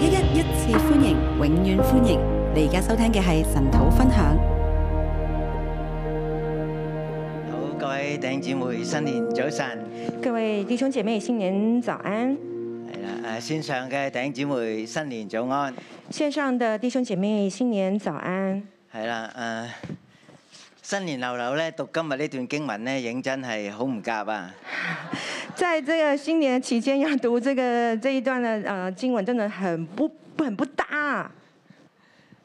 一一一次歡迎，永遠歡迎！你而家收聽嘅係神土分享。好，各位頂姊妹新年早晨，各位弟兄姐妹新年早安。係啦，誒線上嘅頂姊妹新年早安，線上的弟兄姐妹新年早安。係啦，誒新年流流咧，讀今日呢段經文咧，認真係好唔夾啊！在這個新年期間要讀這個這一段的，呃經文真的很不很不搭啊。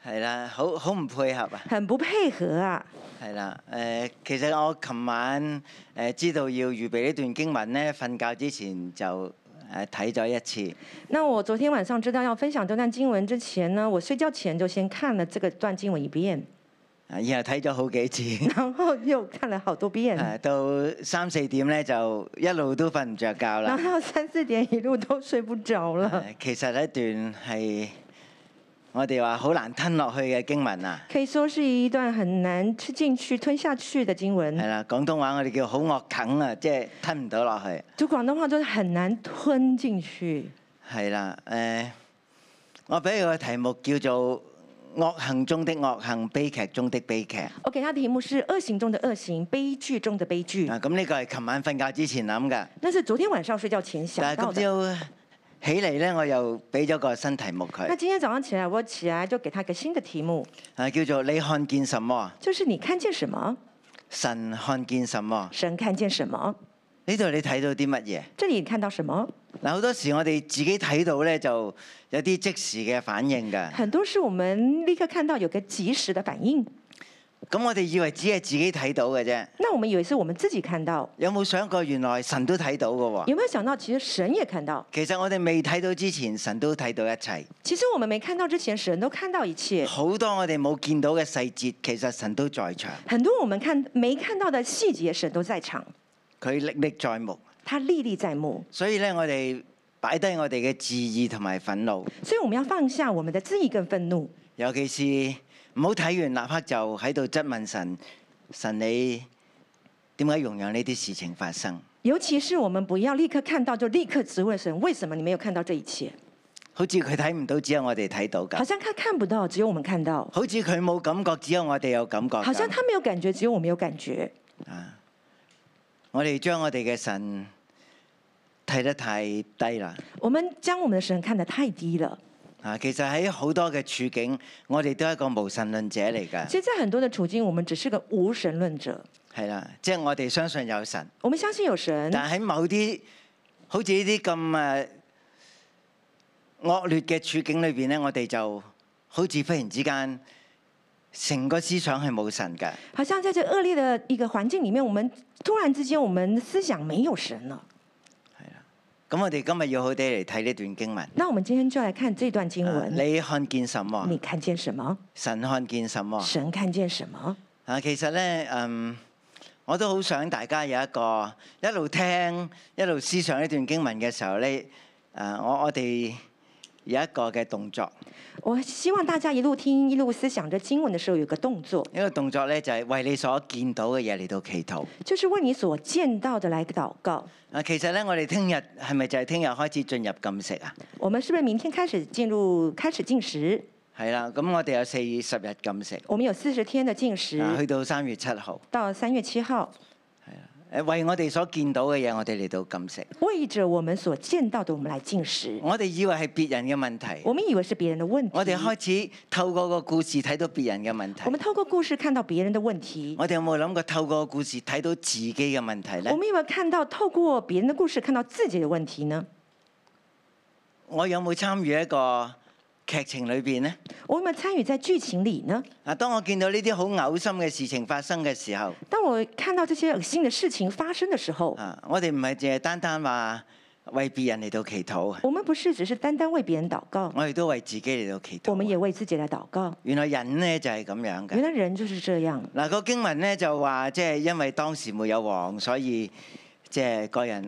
係啦，好好唔配合啊。很不配合啊。係啦，誒、呃，其實我琴晚誒、呃、知道要預備呢段經文咧，瞓覺之前就誒睇咗一次。那我昨天晚上知道要分享這段經文之前呢，我睡覺前就先看了這個段經文一遍。然後睇咗好幾次，然後又看了好多遍。誒，到三四點咧，就一路都瞓唔着覺啦。然後三四點一路都睡不着啦。其實這一段係我哋話好難吞落去嘅經文啊。可以說是一段很難吃進去、吞下去嘅經文。係啦，廣東話我哋叫好惡啃啊，即係吞唔到落去。就廣東話就係很難吞進去。係啦，誒、呃，我俾佢個題目叫做。惡行中的惡行，悲劇中的悲劇。我、okay, 我給他的題目是惡行中的惡行，悲劇中的悲劇。啊，咁、這、呢個係琴晚瞓覺之前諗嘅。但是昨天晚上睡覺前想到。但係今朝起嚟咧，我又俾咗個新題目佢。那今天早上起來，我起來就給他一個新的題目，係、啊、叫做你看見什麼？就是你看見什麼？神看見什麼？神看見什麼？呢度你睇到啲乜嘢？這裏你看到什麼？嗱，好多時我哋自己睇到咧，就有啲即時嘅反應噶。很多時我們立刻看到有個即時的反應。咁我哋以為只係自己睇到嘅啫。那我們以為是我們自己看到。有冇想過原來神都睇到嘅？有沒有想到其實神也看到？其實我哋未睇到之前，神都睇到一切。其實我們沒看到之前，神都看到一切。好多我哋冇見到嘅細節，其實神都在場。很多我們看沒看到的細節，神都在場。佢歷歷在目，他歷歷在目。所以咧，我哋擺低我哋嘅自義同埋憤怒。所以我們要放下我們的自義跟憤怒。尤其是唔好睇完，立刻就喺度質問神，神你點解容忍呢啲事情發生？尤其是我們不要立刻看到就立刻質問神，為什麼你沒有看到這一切？好似佢睇唔到，只有我哋睇到噶。好像他看不到，只有我們看到。好似佢冇感覺，只有我哋有感覺。好像他沒有感覺，只有我們有感覺。啊。我哋將我哋嘅神睇得太低啦。我們將我們的神看得太低了。啊，其實喺好多嘅處境，我哋都係一個無神論者嚟㗎。其實很多嘅處境，我們只是個無神論者。係啦，即係我哋相信有神。我們相信有神。但喺某啲好似呢啲咁誒惡劣嘅處境裏面，咧，我哋就好似忽然之間。成個思想係冇神嘅，好像在這惡劣的一個環境裡面，我們突然之間，我們思想沒有神了。係啦，咁我哋今日要好啲嚟睇呢段經文。那我們今天就來看這段經文。啊，你看見什麼？你看見什麼？神看見什麼？神看見什麼？啊，其實呢，嗯，我都好想大家有一個一路聽一路思想呢段經文嘅時候，呢。啊，我我哋。有一個嘅動作，我希望大家一路聽一路思想，喺經文嘅時候有個動作。呢個動作呢，就係為你所見到嘅嘢嚟到祈禱，就是為你所見到的來禱告。啊，其實呢，我哋聽日係咪就係聽日開始進入禁食啊？我們是不是明天開始進入開始禁食？係啦，咁我哋有四十日禁食。我們有四十天嘅禁食。去到三月七號。到三月七號。為我哋所見到嘅嘢，我哋嚟到進食。為着我們所見到的，我們來進食。我哋以為係別人嘅問題。我們以為是別人的問題。我哋開始透過個故事睇到別人嘅問題。我們透過故事看到別人的問題。我哋有冇諗過透過故事睇到自己嘅問題呢？我們有冇看到透過別人的故事看到自己嘅問題呢？我有冇參與一個？劇情裏邊呢，我有冇參與在劇情裏呢？啊，當我見到呢啲好嘔心嘅事情發生嘅時候，當我看到這些噁心嘅事情發生嘅時候，啊，我哋唔係淨係單單話為別人嚟到祈禱。我們不是只是單單為別人禱告，我哋都為自己嚟到祈禱。我們也為自己嚟禱告。原來人呢就係咁樣嘅。原來人就是這樣。嗱、啊那個經文呢就話，即係因為當時沒有王，所以即係個人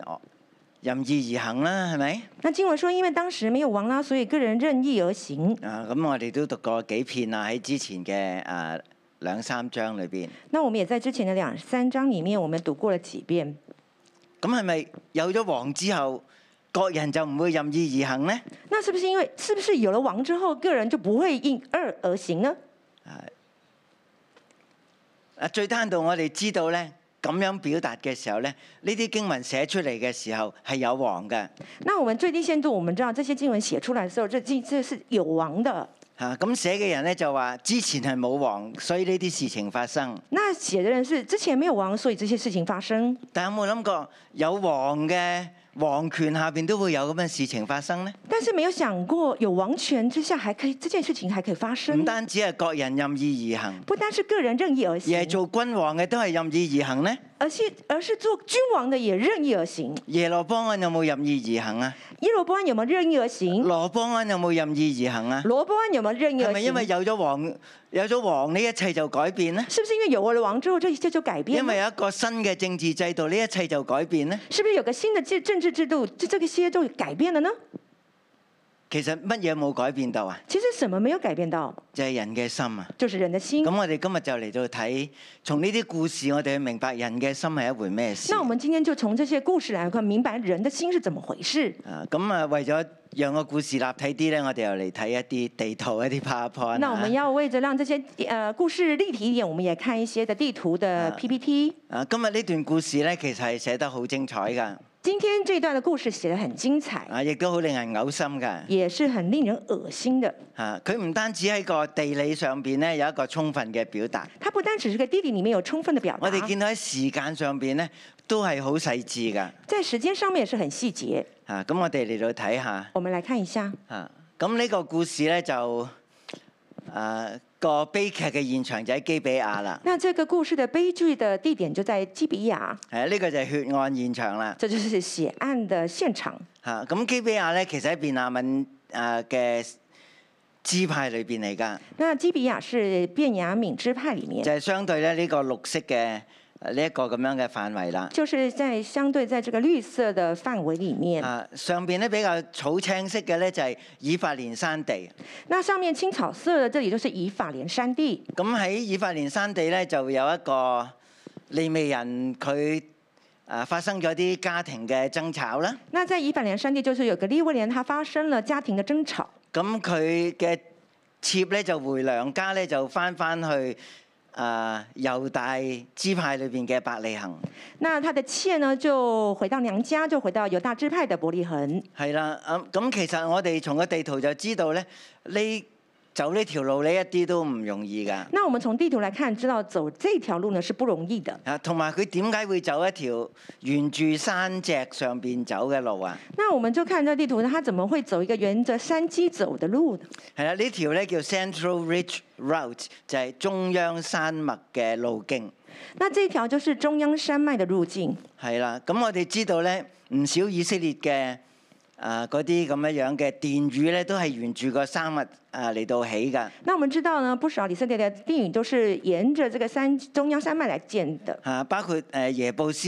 任意而行啦，係咪？那經文說，因為當時沒有王啦，所以個人任意而行。啊，咁我哋都讀過幾遍啦，喺之前嘅，誒兩三章裏邊。那我們也在之前的兩三章裏面，我們讀過了幾遍。咁係咪有咗王之後，各人就唔會任意而行呢？那是不是因為，是不是有了王之後，個人就不會因二而行呢？係。啊，最低限度我哋知道咧。咁樣表達嘅時候呢，呢啲經文寫出嚟嘅時候係有王嘅。那我們最低限度，我們知道這些經文寫出來嘅時候，這這,這是有王的。嚇，咁寫嘅人呢，就話之前係冇王，所以呢啲事情發生。那寫嘅人是之前沒有王，所以這些事情發生。但有冇諗過有王嘅？王權下面都會有咁嘅事情發生呢？但是沒有想過有王權之下還可以，這件事情還可以發生。唔單只係各人任意而行，不單是個人任意而行。而係做君王嘅都係任意而行呢？而是而是做君王的也任意而行。耶羅波安有冇任意而行啊？耶羅波安有冇任意而行？羅波安有冇任意而行啊？羅波安有冇任意而行？係咪因為有咗王，有咗王呢一切就改變呢？是不是因為有咗王之後，就就改變？因為有一個新嘅政治制度，呢一切就改變呢？是不是有個新嘅政治制度，這這些就改變了呢？其實乜嘢冇改變到啊？其實什麼沒有改變到？就係、是、人嘅心啊！就是人的心。咁我哋今日就嚟到睇，從呢啲故事我哋去明白人嘅心係一回咩事？那我們今天就從這些故事來看，明白人嘅心是怎麼回事？啊，咁啊，為咗讓個故事立體啲呢，我哋又嚟睇一啲地圖一啲 PowerPoint，啊。那我們要為咗讓這些、呃、故事立體一點，我們也看一些的地圖的 PPT。啊，啊今日呢段故事呢，其實係寫得好精彩㗎。今天這段的故事寫得很精彩，啊，亦都好令人嘔心嘅，也是很令人噁心的。啊，佢唔單止喺個地理上邊咧有一個充分嘅表達，它不單止係個地理裡面有充分的表達。我哋見到喺時間上邊咧都係好細緻嘅，即係時間上面是很細節。啊，咁我哋嚟到睇下，我們來看一下。啊，咁呢個故事咧就，啊。個悲劇嘅現場就喺基比亞啦。嗱，這個故事嘅悲劇嘅地點就在基比亞。係啊，呢個就係血案現場啦。這就是血案的現場。嚇、啊，咁基比亞咧，其實喺便雅敏誒嘅支派裏邊嚟㗎。那基比亞是便雅敏支派裡面。就係、是、相對咧呢、這個綠色嘅。呢、這、一個咁樣嘅範圍啦，就是在相對，在這個綠色嘅範圍裡面。啊，上邊咧比較草青色嘅咧就係、是、以法蓮山地。那上面青草色嘅，這裡就是以法蓮山地。咁喺以法蓮山地咧就有一個利未人，佢啊發生咗啲家庭嘅爭吵啦。那在以法蓮山地，就，啊、山地就是有個利未人，他發生了家庭嘅爭吵。咁佢嘅妾咧就回娘家咧，就返返去。啊！猶大支派裏邊嘅伯利恒。那他的妾呢就回到娘家，就回到猶大支派的伯利恒。係啦、啊，咁、嗯、咁其實我哋從個地圖就知道咧，呢。走呢條路呢，一啲都唔容易噶。那我們從地圖來看，知道走這條路呢是不容易的。啊，同埋佢點解會走一條沿住山脊上邊走嘅路啊？那我們就看呢個地圖，佢他怎麼會走一個沿着山脊走的路？係啦，呢條呢，叫 Central Ridge Route，就係中央山脈嘅路徑。那這條就是中央山脈的路徑。係啦，咁我哋知道呢，唔少以色列嘅。啊！嗰啲咁樣樣嘅殿宇咧，都係沿住個山脈啊嚟到起嘅。那我們知道呢，不少以色列嘅殿宇都是沿着這個山中央山脈嚟建的。嚇、啊，包括誒耶布斯，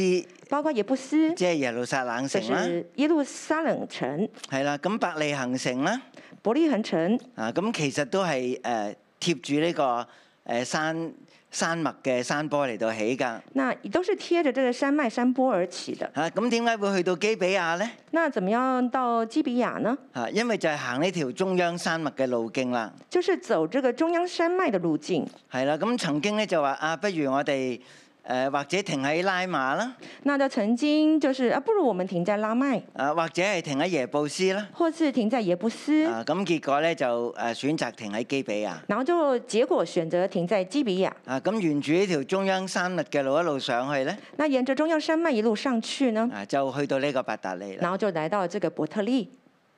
包括耶布斯，即、就、係、是、耶路撒冷城啦、啊。就是、耶路撒冷城。係啦，咁百里恒城啦，伯利恒城。啊，咁、啊啊嗯、其實都係誒貼住呢個。誒山山脈嘅山坡嚟到起㗎，那都是貼着這個山脈山坡而起嘅。嚇、啊，咁點解會去到基比亞呢？那怎麼樣到基比亞呢？嚇、啊，因為就係行呢條中央山脈嘅路徑啦。就是走這個中央山脈嘅路徑。係、啊、啦，咁曾經咧就話啊，不如我哋。誒、呃、或者停喺拉馬啦，那就曾經就是啊，不如我們停在拉麥。誒、呃、或者係停喺耶布斯啦，或是停在耶布斯。啊，咁結果咧就誒選擇停喺基比亞。然後就結果選擇停在基比亞。啊，咁沿住呢條中央山脈嘅路一路上去咧？那沿着中央山脈一路上去呢？啊，就去到呢個八達利。然後就來到這個伯特利。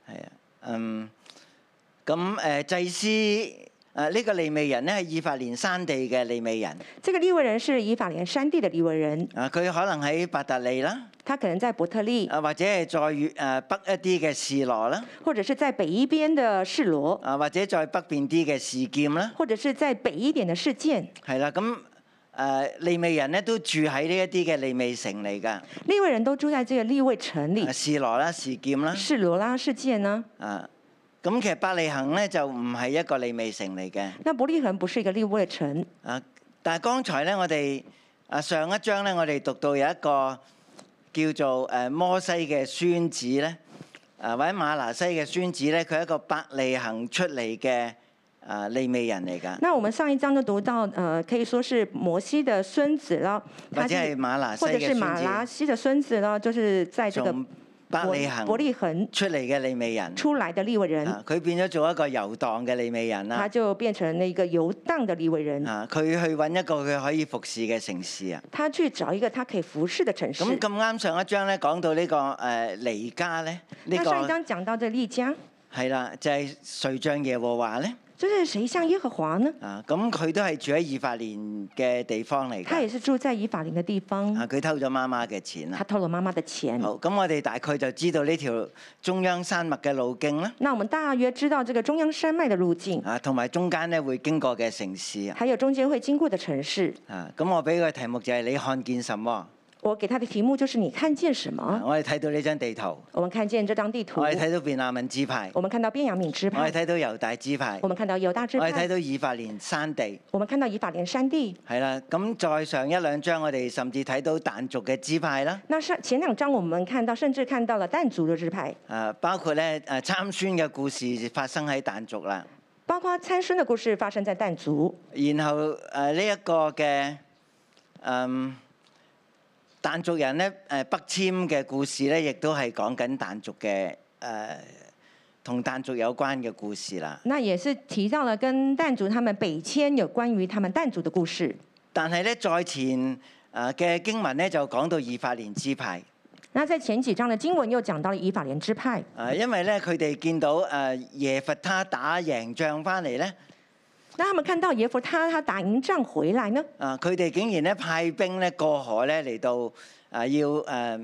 係、嗯、啊，嗯，咁、嗯、誒、嗯嗯、祭司。誒、啊這個、呢個利未人咧係以法蓮山地嘅利未人。呢、這個利未人是以法蓮山地嘅利未人。啊，佢可能喺伯特利啦。他可能在伯特利。啊，或者係在越北一啲嘅士羅啦。或者是在北一邊嘅士羅。啊，或者在北邊啲嘅士劍啦。或者是在北一點嘅士劍。係啦，咁誒利未人呢都住喺呢一啲嘅利未城嚟噶。利未人都住喺呢個利未城裏。啊、士羅啦，士劍啦。士羅啦，士劍啦。啊。啊咁其實伯利恆咧就唔係一個利未城嚟嘅。那伯利恆不是一個利未城。啊，但係剛才咧我哋啊上一章咧我哋讀到有一個叫做誒摩西嘅孫子咧，或者馬拿西嘅孫子咧，佢係一個伯利恆出嚟嘅啊利未人嚟㗎。那我們上一章就讀到，呃，可以說是摩西嘅孫子咯，或者係馬拿西或者係馬拿西嘅孫子咯，就是在這個。伯利恆伯利恆出嚟嘅利未人，出嚟嘅利未人，佢、啊、變咗做一個遊蕩嘅利未人啦。佢就變成呢個遊蕩嘅利未人。佢去揾一個佢可以服侍嘅城市啊。他去找一個他可以服侍嘅城市。咁咁啱上一章咧講到呢個誒離家咧，呢個。呃呢這個、上一章講到的離家。係啦，就係睡著耶和華咧。就是誰像耶和華呢？啊，咁佢都係住喺以法蓮嘅地方嚟。佢也是住在以法蓮嘅地、地方。啊，佢偷咗媽媽嘅錢啊！佢偷咗媽媽嘅錢。好，咁我哋大概就知道呢條中央山脈嘅路徑啦。那我們大約知道這個中央山脈的路徑。啊，同埋中間呢會經過嘅城市。還有中間會經過的城市。啊，咁我俾個題目就係你看見什麼？我給他的題目就是你看見什麼？我哋睇到呢張地圖。我們看見這張地圖。我哋睇到便雅憫支派。我們看到便雅憫支派。我哋睇到猶大支派。我們看到猶大支派。我哋睇到，到以法蓮山地。我們看到以法蓮山地。係啦，咁再上一兩張，我哋甚至睇到但族嘅支派啦。那上前兩張，我們看到甚至看到了但族嘅支派。誒，包括咧誒參孫嘅故事發生喺但族啦。包括參孫嘅故事發生在但族，族。然後誒呢一個嘅誒。嗯但族人咧，誒北遷嘅故事咧，亦都係講緊但族嘅誒同但族有關嘅故事啦。那也是提到了跟但族他們北遷有關於他們但族的故事。但係咧，在前誒嘅、呃、經文咧，就講到以法蓮支派。那在前幾章嘅經文又講到以法蓮支派。誒、呃，因為咧佢哋見到誒、呃、耶弗他打贏仗翻嚟咧。那佢哋看到耶弗他他打贏仗回來呢？啊，佢哋竟然呢，派兵咧，過海嚟到、啊、要、呃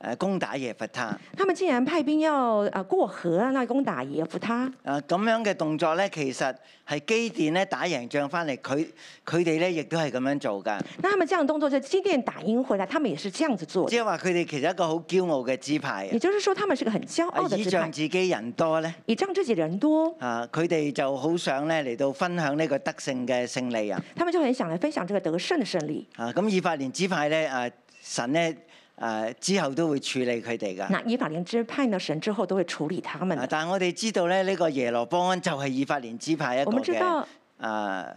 誒攻打耶弗他，他們竟然派兵要啊過河啊，那攻打耶弗他。誒、啊、咁樣嘅動作咧，其實係機電咧打贏仗翻嚟，佢佢哋咧亦都係咁樣做噶。那他們這樣動作就機電打贏回來，他們也是這樣子做。即係話佢哋其實一個好驕傲嘅支派。也就是說，他們是一個很驕傲嘅支派。以仗自己人多咧，以仗自己人多。啊，佢哋就好想咧嚟到分享呢個得勝嘅勝利啊。他們就很想嚟分享這個得勝嘅勝利。啊，咁以法蓮支派咧，誒、啊、神咧。誒、啊、之後都會處理佢哋噶。嗱，以法蓮支派呢，神之後都會處理他們的，啊。但係我哋知道咧，呢、這個耶羅波安就係以法蓮支派一個嘅我知道誒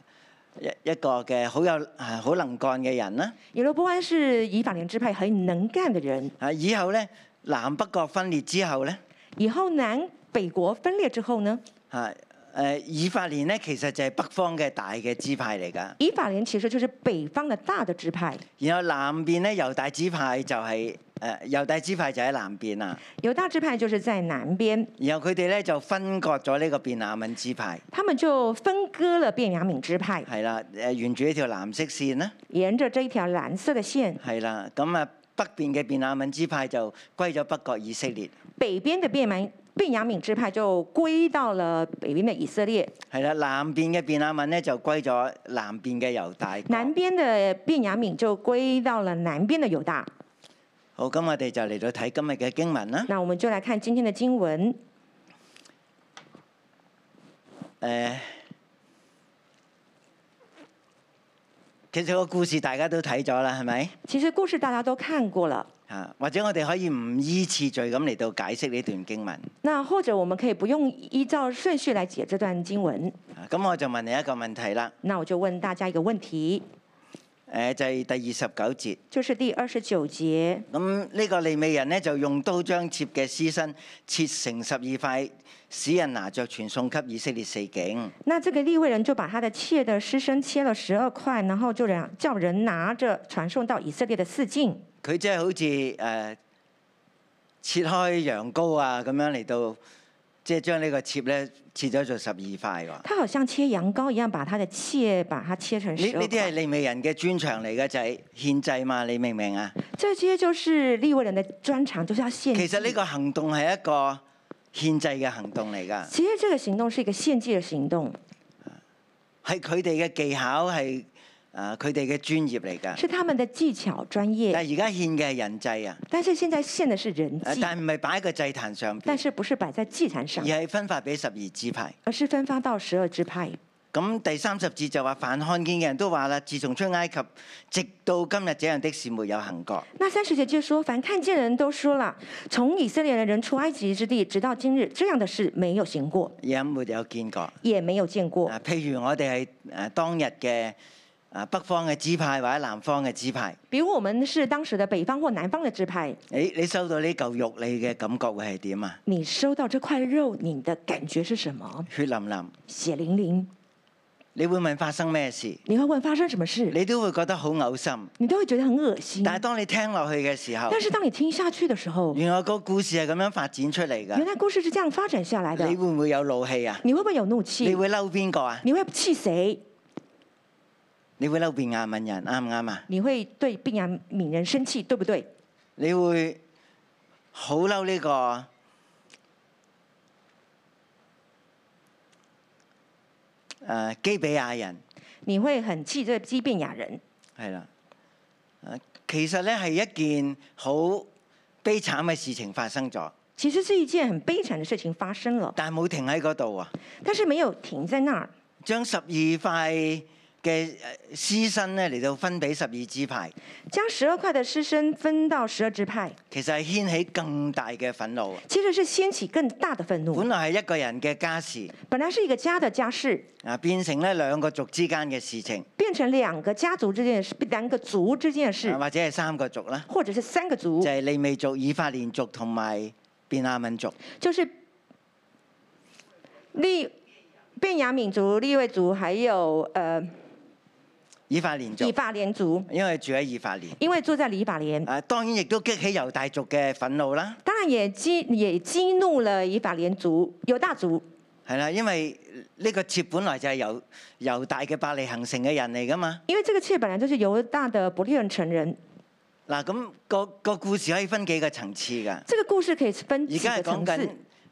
一一個嘅好有好能幹嘅人啦。耶羅波安是以法蓮支派很能幹嘅人。啊，以後咧，南北國分裂之後咧？以後南北國分裂之後呢？係、啊。誒、呃、以法蓮咧，其實就係北方嘅大嘅支派嚟㗎。以法蓮其實就是北方嘅大嘅支派。然後南邊咧，猶大支派就係誒猶大支派就喺南邊啦。猶、呃、大支派就是在南邊。然後佢哋咧就分割咗呢個便雅明支派。他們就分割了便雅明支派。係啦，誒、呃、沿住呢條藍色線啦。沿着這條藍色嘅線。係啦，咁啊北邊嘅便雅明支派就歸咗北國以色列。北邊嘅便雅明。便雅憫支派就歸到了北邊的以色列，係啦。南邊嘅便雅憫呢，就歸咗南邊嘅猶大。南邊嘅便雅憫就歸到了南邊嘅猶大。好，咁我哋就嚟到睇今日嘅經文啦。嗱，我哋就嚟看今天的經文。誒，其實個故事大家都睇咗啦，係咪？其實故事大家都看過了。啊，或者我哋可以唔依次序咁嚟到解釋呢段經文。那或者我們可以不用依照順序來解這段經文。咁我就問你一個問題啦。那我就問大家一個問題。誒，就係第二十九節。就是第二十九節。咁呢個利未人呢，就用刀將切嘅屍身切成十二塊，使人拿着傳送給以色列四境。那這個利未人就把他的切的屍身切了十二塊，然後就人叫人拿着傳送到以色列的四境。佢即係好似誒、呃、切開羊羔啊咁樣嚟到，即係將呢個切咧切咗做十二塊喎。他好像切羊羔一樣，把他嘅切把它切成。呢呢啲係利未人嘅專長嚟嘅，就係獻祭嘛，你明唔明啊？即這些就是利未人嘅專長，就是要獻。其實呢個行動係一個獻祭嘅行動嚟㗎。其實呢個行動是一個獻祭嘅行動，係佢哋嘅技巧係。啊！佢哋嘅專業嚟噶，是他們嘅技巧專業。但而家獻嘅係人祭啊！但是現在獻嘅是人祭，但唔係擺喺個祭壇上面。但是不是擺喺祭壇上？而係分發俾十二支派。而是分發到十二支派。咁第三十字就話：凡看見嘅人都話啦，自從出埃及直到今日，這樣的事沒有行過。那三十節就說：凡看見嘅人都說啦，從以色列嘅人出埃及之地直到今日，這樣的事沒有行過。也沒有見過。也沒有見過。啊、譬如我哋係誒當日嘅。啊！北方嘅支派或者南方嘅支派，比如我們是當時的北方或南方嘅支派。誒，你收到呢嚿肉，你嘅感覺會係點啊？你收到這塊肉，你的感覺是什麼？血淋淋，血淋淋。你會問發生咩事？你會問發生什麼事？你都會覺得好嘔心，你都會覺得很惡心。但係當你聽落去嘅時候，但是當你聽下去嘅時候，原來個故事係咁樣發展出嚟噶。原來故事是這樣發展下嚟嘅。你會唔會有怒氣啊？你會唔會有怒氣？你會嬲邊個啊？你會氣死？你會嬲變亞文人啱唔啱啊？你會對變亞文人生氣，對不對？你會好嬲呢個誒基比亞人。你會很氣這基變亞人。係啦，其實咧係一件好悲慘嘅事情發生咗。其實是一件很悲慘嘅事，事情發生了。但係冇停喺嗰度啊！但是沒有停在那。將十二塊。嘅屍身咧嚟到分俾十二支派，將十二塊嘅屍身分到十二支派，其實係掀起更大嘅憤怒。其實是掀起更大嘅憤怒。本來係一個人嘅家事，本來是一個家的家事啊，變成咧兩個族之間嘅事情，變成兩個家族之間嘅事，兩個族之間嘅事，或者係三個族啦，或者是三個族，就係、是、利未族、以法蓮族同埋便雅憫族，就是利便雅憫族、利未族，還有呃。以法蓮族，以法蓮族，因為住喺以法蓮，因為住在以法蓮，啊，當然亦都激起猶大族嘅憤怒啦。當然也激也激，也激怒了以法蓮族猶大族。係啦，因為呢個妾本來就係猶猶大嘅伯利恆城嘅人嚟噶嘛。因為這個妾本來就是猶大的伯利恆城人。嗱，咁個個故事可以分幾個層次噶？這個故事可以分而家係講緊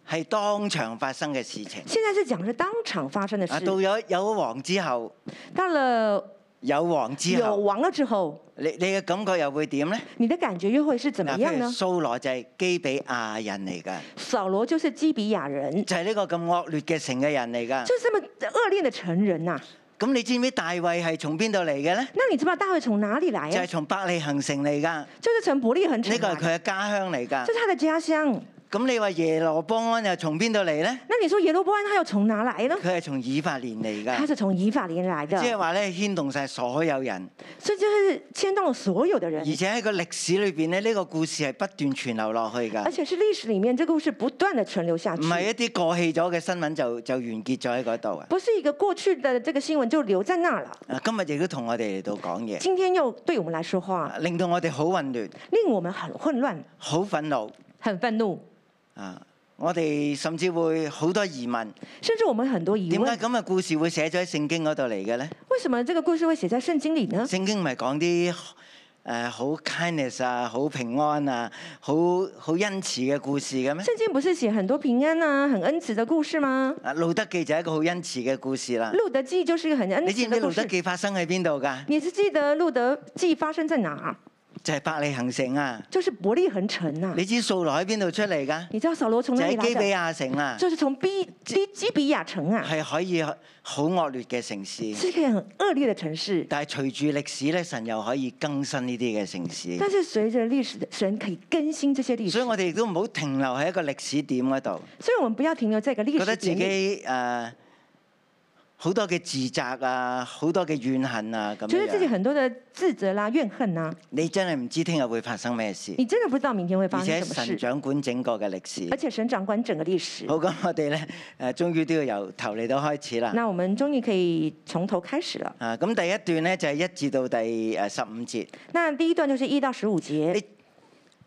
係當場發生嘅事情。現在是講住當場發生嘅事。到咗有，有王之後，有王之後，有王了之後你你嘅感覺又會點咧？你的感覺又會是怎麼樣呢？掃羅就係基比亞人嚟噶。掃羅就是基比亞人，就係、是、呢個咁惡劣嘅城嘅人嚟噶。就是、這麼惡劣的城人啊！咁你知唔知大衛係從邊度嚟嘅咧？那你知唔知大衛從哪裡嚟？啊？就係從伯利恆城嚟噶。就是從伯利恒城的。呢、就是這個係佢嘅家鄉嚟噶。係佢嘅家鄉。咁你話耶羅波安又從邊度嚟呢？那你說耶羅波安，他又從哪來呢？佢係從以法蓮嚟噶。他是從以法蓮來的。即係話咧，牽動晒所有人。所以就是牽動了所有嘅人。而且喺個歷史裏邊咧，呢個故事係不斷傳流落去噶。而且是歷史裏面，這個故事不斷地傳流下去。唔係一啲過氣咗嘅新聞就就完結咗喺嗰度啊？不是一個過去嘅這個新聞就留在那了。今日亦都同我哋嚟到講嘢。今天又對我們來說話，令到我哋好混亂，令我們很混亂，好憤怒，很憤怒。啊！我哋甚至會好多疑問，甚至我們很多疑問。點解咁嘅故事會寫咗喺聖經嗰度嚟嘅咧？為什麼這個故事會寫在聖經裏呢？聖經唔係講啲誒好 kindness 啊，好平安啊，好好恩慈嘅故事嘅咩？聖經唔係寫很多平安啊、很恩慈嘅故事嗎？啊，路德記就係一個好恩慈嘅故事啦。路德記就是一個很恩慈的故事。你記唔記得路德記發生喺邊度噶？你是記得路德記發生在哪？就係伯利恒城啊！就是伯利恒城啊！你知掃羅喺邊度出嚟噶？你知道掃羅從哪基比亞城啊？就是從 B 基，基比亞城啊！係可以好惡劣嘅城市。是一個很惡劣嘅城市。但係隨住歷史咧，神又可以更新呢啲嘅城市。但是隨著歷史，神可以更新這些歷史。所以我哋亦都唔好停留喺一個歷史點嗰度。所以我們不要停留在一個歷史點。覺得自己誒。呃好多嘅自責啊，好多嘅怨恨啊，咁。所以自己很多嘅自責啦、怨恨啊，你真係唔知聽日會發生咩事。你真係唔知道明天會發生咩事。而且神掌管整個嘅歷史。而且神掌管整個歷史。好，咁我哋咧誒，終於都要由頭嚟到開始啦。嗱，我們終於可以從頭開始啦，啊，咁第一段咧就係一至到第誒十五節，那第一段就是一到十五節。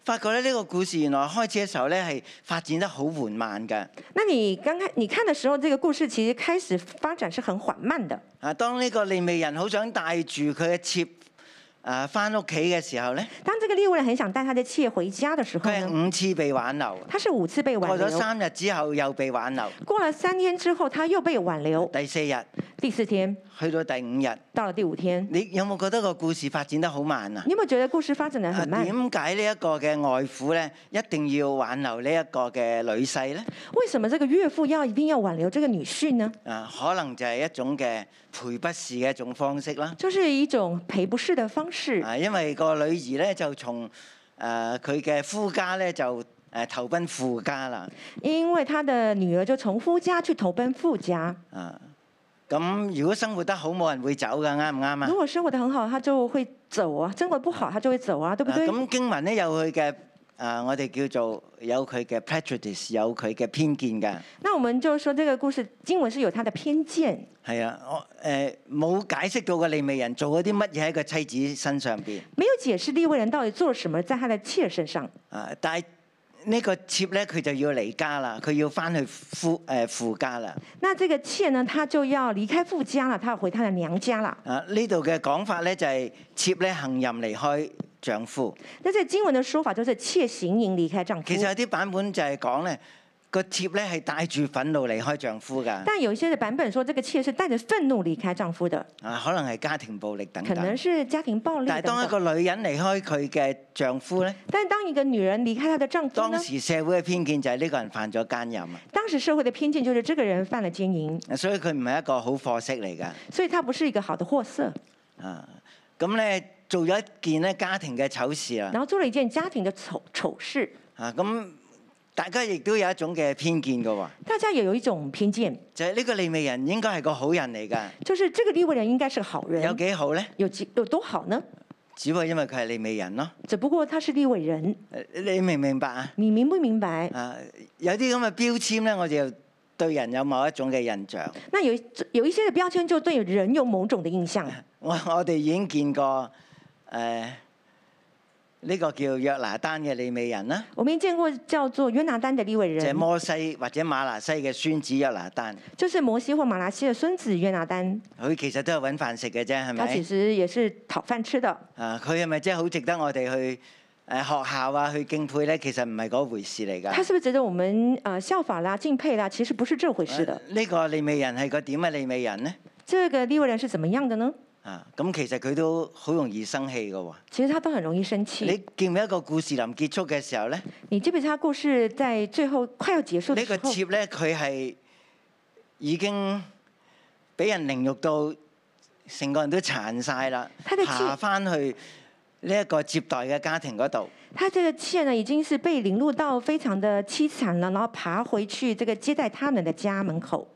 發覺咧，呢個故事原來開始嘅時候咧係發展得好緩慢㗎。那你剛開你看的時候，這個故事其實開始發展是很緩慢的。啊，當呢個利未人好想帶住佢嘅妾翻屋企嘅時候呢，當這個利未人很想帶他的妾回家的時候，佢係五次被挽留。他是五次被挽留。過咗三日之後又被挽留。過了三天之後他又被挽留。第四日，第四天。去到第五日，到了第五天，你有冇覺得個故事發展得好慢啊？你有冇覺得故事發展得很慢？點解呢一個嘅外父呢，一定要挽留呢一個嘅女婿呢？為什麼這個岳父要一定要挽留這個女婿呢？啊，可能就係一種嘅賠不是嘅一種方式啦。就是一種賠不是嘅方式。啊，因為個女兒呢，就從誒佢嘅夫家呢，就誒投奔父家啦。因為他的女兒就從夫家去投奔父家。啊。咁如果生活得好，冇人會走噶，啱唔啱啊？如果生活得很好，他就會走啊；生活不好，他就會走啊，對不對？咁經文呢有佢嘅啊，我哋叫做有佢嘅 prejudice，有佢嘅偏見嘅。那我們就是說，這個故事經文是有他的偏見。係啊，我誒冇解釋到個利未人做咗啲乜嘢喺個妻子身上邊。沒有解釋利未人到底做了什麼，在他的妻身上。啊，但係。呢、這個妾咧，佢就要離家啦，佢要返去夫誒夫家啦。那這個妾呢，她就要離開夫家了，她要回她的娘家了。啊，這裡法呢度嘅講法咧就係、是、妾咧行任離開丈夫。那在經文嘅說法就是妾行任離開丈夫。其實有啲版本就係講咧。個妾咧係帶住憤怒離開丈夫噶但係有一些嘅版本說，這個妾是帶着憤怒離開丈夫的。啊，可能係家庭暴力等等。可能是家庭暴力等等。但係當一個女人離開佢嘅丈夫咧？但係當一個女人離開她的丈夫呢？當時社會嘅偏見就係呢個人犯咗姦淫。當時社會嘅偏見就是這個人犯了姦淫。所以佢唔係一個好貨色嚟噶。所以她不是一個好的貨色。啊，咁咧做咗一件咧家庭嘅醜事啦。然後做了一件家庭嘅醜醜事。啊，咁。大家亦都有一種嘅偏見嘅喎，大家有有一種偏見，就係、是、呢個利未人應該係個好人嚟嘅，就是呢個利未人應該是個好人，就是這個人，應是好人，有幾好咧？有幾有多好呢？只不過因為佢係利未人咯，只不過他是利未人，你明唔明白啊？你明唔明白啊？有啲咁嘅標籤咧，我就對人有某一種嘅印象。那有有一些嘅標籤就對人有某種嘅印象。啊、我我哋已經見過，誒、呃。呢、這個叫約拿單嘅利未人啦，我未見過叫做約拿單嘅利未人。即、就是、摩西或者馬拿西嘅孫子約拿單，就是摩西或馬拿西嘅孫子約拿單。佢其實都係揾飯食嘅啫，係咪？佢其實也是討飯吃嘅。啊，佢係咪真係好值得我哋去誒學校啊去敬佩咧？其實唔係嗰回事嚟㗎。他是不是值得我們、呃、啊效、呃、法啦、啊、敬佩啦、啊？其實不是這回事的。呢、啊這個利未人係個點嘅利未人咧？這個利未人是怎麼樣嘅呢？啊，咁其實佢都好容易生氣㗎喎。其實他都很容易生氣。你見唔見一個故事臨結束嘅時候咧？你知唔知？他故事在最後快要結束？呢、這個妾咧，佢係已經俾人凌辱到成個人都殘晒啦。佢哋爬翻去呢一個接待嘅家庭嗰度。他這個妾呢，已經是被凌辱到非常的淒慘了，然後爬回去這個接待他們的家門口。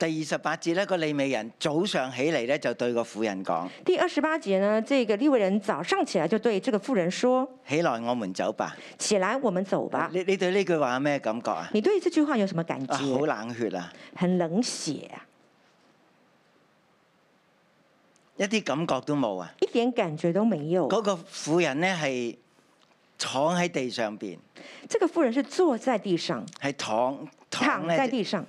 第二十八節呢、那個利未人早上起嚟咧，就對個婦人講：。第二十八節呢，這個利未人早上起來就對這個婦人說：起來，我們走吧。起來，我們走吧。你你對呢句話有咩感覺啊？你對這句話有什麼感覺？好、啊、冷血啊！很冷血，啊，一啲感覺都冇啊！一點感覺都沒有。嗰、那個婦人呢，係躺喺地上邊。這個婦人是坐在地上，係躺躺在地上。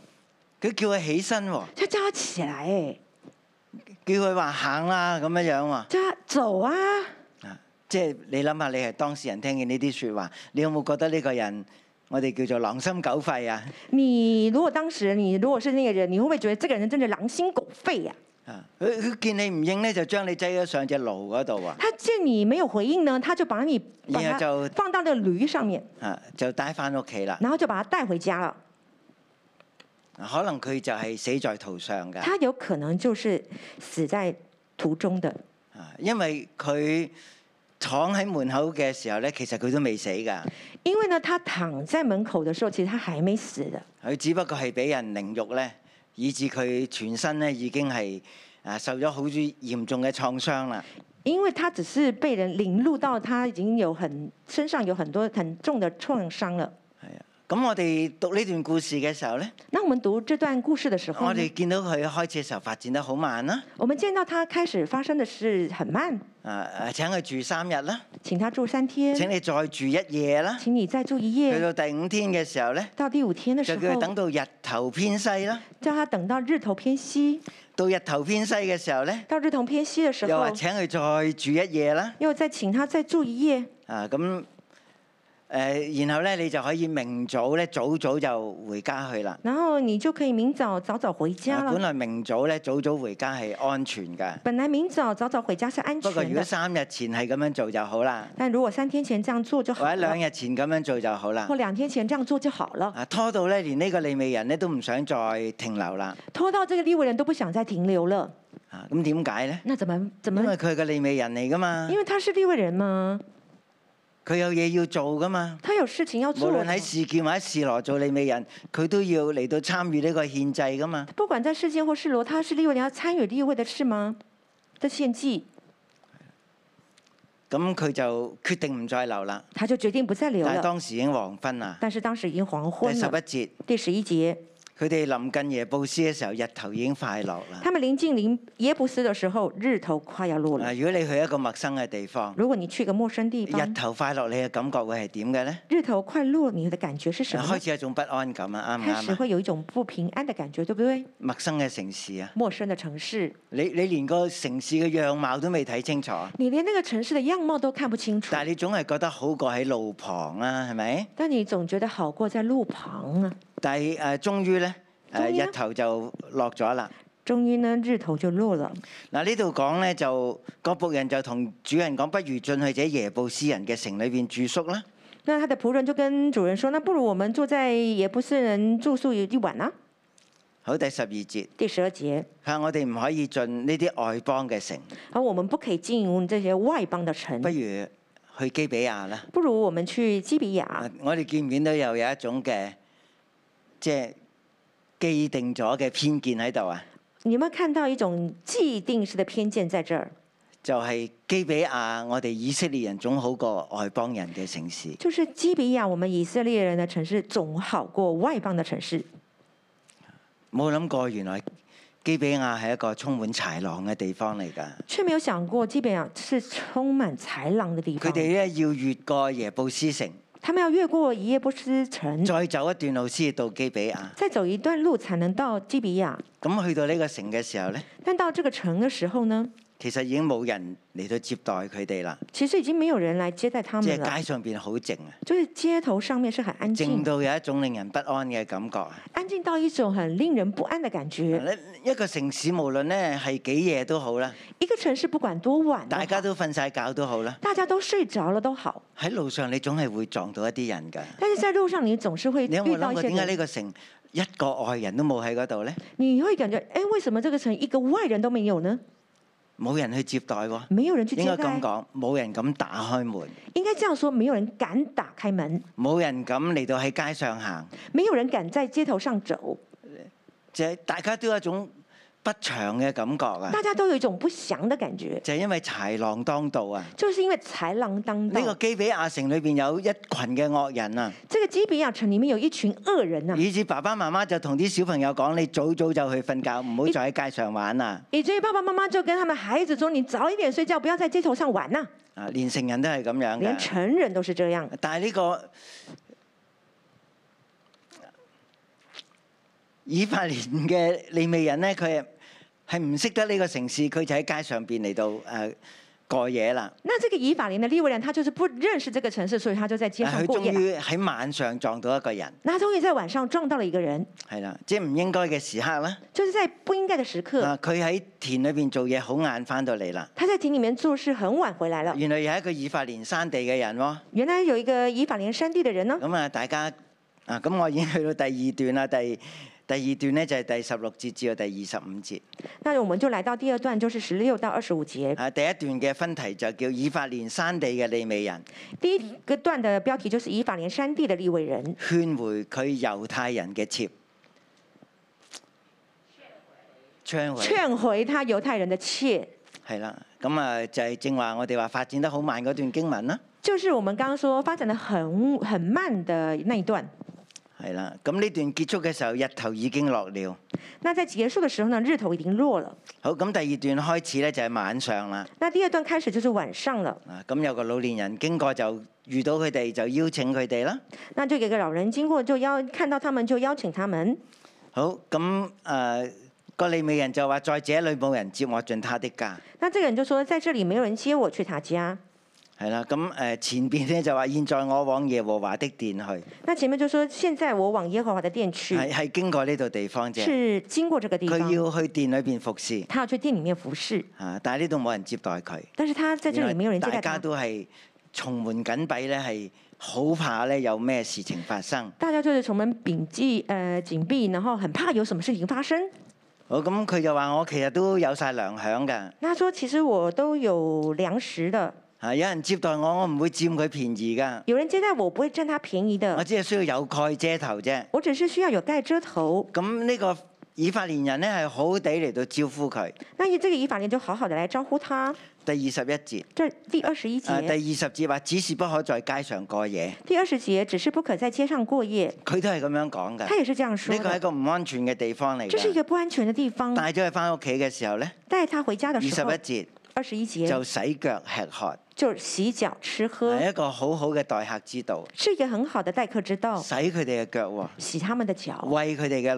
佢叫佢起身喎、哦，叫佢起嚟，叫佢話行啦咁樣樣、哦、喎，走啊！啊，即、就、係、是、你諗下，你係當事人，聽見呢啲説話，你有冇覺得呢個人我哋叫做狼心狗肺啊？你如果當時你如果是呢個人，你會唔會覺得呢個人真係狼心狗肺啊？啊，佢佢見你唔應咧，就將你擠咗上隻驢嗰度啊！他見你沒有回應呢，他就把你然後就放到個驢上面，啊，就帶翻屋企啦。然後就把他帶回家了。可能佢就係死在途上噶。他有可能就是死在途中的。啊，因為佢躺喺門口嘅時候咧，其實佢都未死噶。因為呢，他躺在門口的時候，其實他還沒死的。佢只不過係俾人凌辱咧，以致佢全身咧已經係啊受咗好嚴重嘅創傷啦。因為他只是被人凌辱到，他已經有很身上有很多很重的創傷了。咁我哋讀呢段故事嘅時候呢，那我們讀這段故事嘅時候，我哋見到佢開始嘅時候發展得好慢啦。我們見到他開始發生的事，很慢。啊，請佢住三日啦。請他住三天。請你再住一夜啦。請你再住一夜。去到第五天嘅時候呢，到第五天嘅時候，就叫佢等到日頭偏西啦。叫他等到日頭偏西。到日頭偏西嘅時候呢，到日頭偏西嘅時候，又話請佢再住一夜啦。又再請他再住一夜。啊，咁、嗯。誒、呃，然後咧，你就可以明早咧，早早就回家去啦。然後你就可以明早早早回家。本來明早咧，早早回家係安全嘅。本來明早早早回家是安全。不過如果三日前係咁樣做就好啦。但如果三天前這樣做就好。或者兩日前咁樣做就好啦。或兩天，天前這樣做就好了。啊，拖到咧，連呢個利未人咧都唔想再停留啦。拖到這個利未人都不想再停留了。啊，咁點解咧？那怎麼怎麼？因為佢係個利未人嚟㗎嘛。因為他是利未人嘛。佢有嘢要做㗎嘛？佢有事情要做。無論喺事件或者士羅做利未人，佢都要嚟到參與呢個獻祭㗎嘛？不管在事件或士羅他，他是因你要參與利未人的事嗎？的獻祭。咁佢就決定唔再留啦。他就決定不再留了。但係當時已經黃昏啦。但是當時已經黃昏啦。第十一節。第十一節。佢哋臨近耶布斯嘅時候，日頭已經快落啦。他們臨近臨耶布斯嘅時候，日頭快要落啦。如果你去一個陌生嘅地方，如果你去一個陌生地方，日頭快落，你嘅感覺會係點嘅呢？日頭快落，你嘅感覺是什麼？開始有種不安感啊，啱唔啱啊？開始會有一種不平安嘅感覺，對不對？陌生嘅城市啊。陌生嘅城市。你你連個城市嘅樣貌都未睇清楚。你連那個城市嘅樣貌都看不清楚。但係你總係覺得好過喺路旁啊，係咪？但你總覺得好過在路旁啊。但係誒終於咧誒日頭就落咗啦。終於呢，日頭就落啦。嗱，呢度講咧，就個僕人就同主人講，不如進去這耶布斯人嘅城裏邊住宿啦。那他的僕人就跟主人說，那不如我們住在耶布斯人住宿一晚啊？好，第十二節。第十二節。係我哋唔可以進呢啲外邦嘅城。而我們不可以進入這些外邦嘅城，城。不如去基比亞啦。不如我們去基比亞。我哋見唔見到又有一種嘅？即係既定咗嘅偏見喺度啊！你有冇看到一種既定式嘅偏見在這兒？就係基比亞，我哋以色列人總好過外邦人嘅城市。就是基比亞，我們以色列人嘅城市總好過外邦的城市。冇諗過，原來基比亞係一個充滿豺狼嘅地方嚟㗎。卻沒有想過基比亞是充滿豺狼嘅地方。佢哋咧要越過耶布斯城。他們要越過耶布斯城，再走一段路先到基比亞；再走一段路才能到基比亞。咁去到呢個城嘅時候呢？但到這個城嘅時候呢？其實已經冇人嚟到接待佢哋啦。其實已經冇有人來接待他們。即街上邊好靜啊！所以，街頭上面是很安靜。靜到有一種令人不安嘅感覺。安靜到一種很令人不安嘅感覺。一一個城市無論咧係幾夜都好啦。一個城市不管多晚，大家都瞓晒覺都好啦。大家都睡着了都好。喺路上你總係會撞到一啲人㗎、欸。但是在路上你總是會遇到一些。你有冇諗過點解呢個城一個外人都冇喺嗰度呢？你會感覺，誒、欸，為什麼這個城一個外人都沒有呢？冇人去接待喎，應該咁講，冇人敢打開門。應該這樣說，冇人敢打開門，冇人敢嚟到喺街上行，冇人敢在街頭上走，就係、是、大家都有一種。不祥嘅感覺啊！大家都有一種不祥嘅感覺。就係、是、因為豺狼當道啊！就是因為豺狼當道。呢、這個基比亞城裏邊有一群嘅惡人啊！即、這個基比亞城裡面有一群惡人啊！以至爸爸媽媽就同啲小朋友講：你早早就去瞓覺，唔好再喺街上玩啊！以致爸爸媽媽就跟他們孩子說：你早一點睡覺，不要在街頭上玩啦、啊！啊，連成人都係咁樣。連成人都是這樣，的是這樣。但係呢、這個。以法蓮嘅利未人咧，佢係唔識得呢個城市，佢就喺街上邊嚟到誒、呃、過夜啦。那這個以法蓮嘅利未人，他就是不認識這個城市，所以他就在街上過夜。佢終於喺晚上撞到一個人。那他終於在晚上撞到了一個人。係啦，即係唔應該嘅時刻啦。就是在不應該嘅時刻。啊，佢喺田裏邊做嘢好晏翻到嚟啦。他在田裏面做事很晚回來了。原來係一個以法蓮山地嘅人喎、哦。原來有一個以法蓮山地嘅人咯、哦。咁啊，大家啊，咁我已經去到第二段啦，第二。第二段呢，就係第十六節至到第二十五節。那我們就來到第二段，就是十六到二十五節。啊，第一段嘅分題就叫以法蓮山地嘅利未人。第一個段嘅標題就是以法蓮山地的利未人。勸回佢猶太人嘅妾。勸回勸回他猶太人的妾。係啦，咁啊就係正話我哋話發展得好慢嗰段經文啦。就是我們剛剛說發展得很很慢的那一段。係啦，咁呢段結束嘅時候，日頭已經落了。那在結束嘅時候呢，日頭已經落了。好，咁第二段開始呢，就係、是、晚上啦。那第二段開始就是晚上了。啊，咁有個老年人經過就遇到佢哋，就邀請佢哋啦。那就有個老人經過就邀看到他們就邀請他們。好，咁誒、呃、個利未人就話，在這裡冇人接我進他的家。那這個人就說，在這裡沒有人接我去他家。係啦，咁誒前邊咧就話：現在我往耶和華的殿去。那前面就說：現在我往耶和華的殿去。係係經過呢度地方啫。是經過這個地方。佢要去殿裏邊服侍，他要去殿裡面服侍，啊！但係呢度冇人接待佢。但是他在這裏沒有人接待。大家都係重門緊閉咧，係好怕咧有咩事情發生。大家就是重門緊閉，誒、呃、緊閉，然後很怕有什麼事情發生。好，咁佢就話：我其實都有晒糧餉㗎。那他說其實我都有糧食的。.啊！有人接待我，我唔會佔佢便宜噶。有人接待我，我不會佔他便宜的。我只係需要有蓋遮頭啫。我只是需要有蓋遮頭。咁呢個以法蓮人咧，係好好地嚟到招呼佢。那以這個以法蓮就好好地來招呼他。第二十一節。這第二十一節。啊，第二十節話只是不可在街上過夜。第二十節只是不可在街上過夜。佢都係咁樣講噶。他也是這樣說。呢個係一個唔安全嘅地方嚟。這是一個不安全的地方。帶咗佢返屋企嘅時候咧。帶他回家的時候。二十一節。二十一節就洗腳吃喝，就是、洗腳吃喝，係一個好好嘅待客之道，是一個很好的待客之道。洗佢哋嘅腳喎，洗他們的腳，餵佢哋嘅驢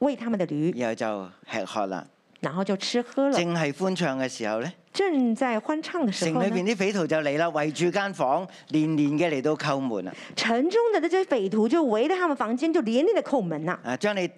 喎，餵他們的驢，然後就吃喝啦。然後就吃喝了。正係歡唱嘅時候咧，正在歡唱嘅時候，城裏邊啲匪徒就嚟啦，圍住間房，連連嘅嚟到叩門啊。城中的那些匪徒就圍喺他們房間，就連連地叩門啦。啊，即係。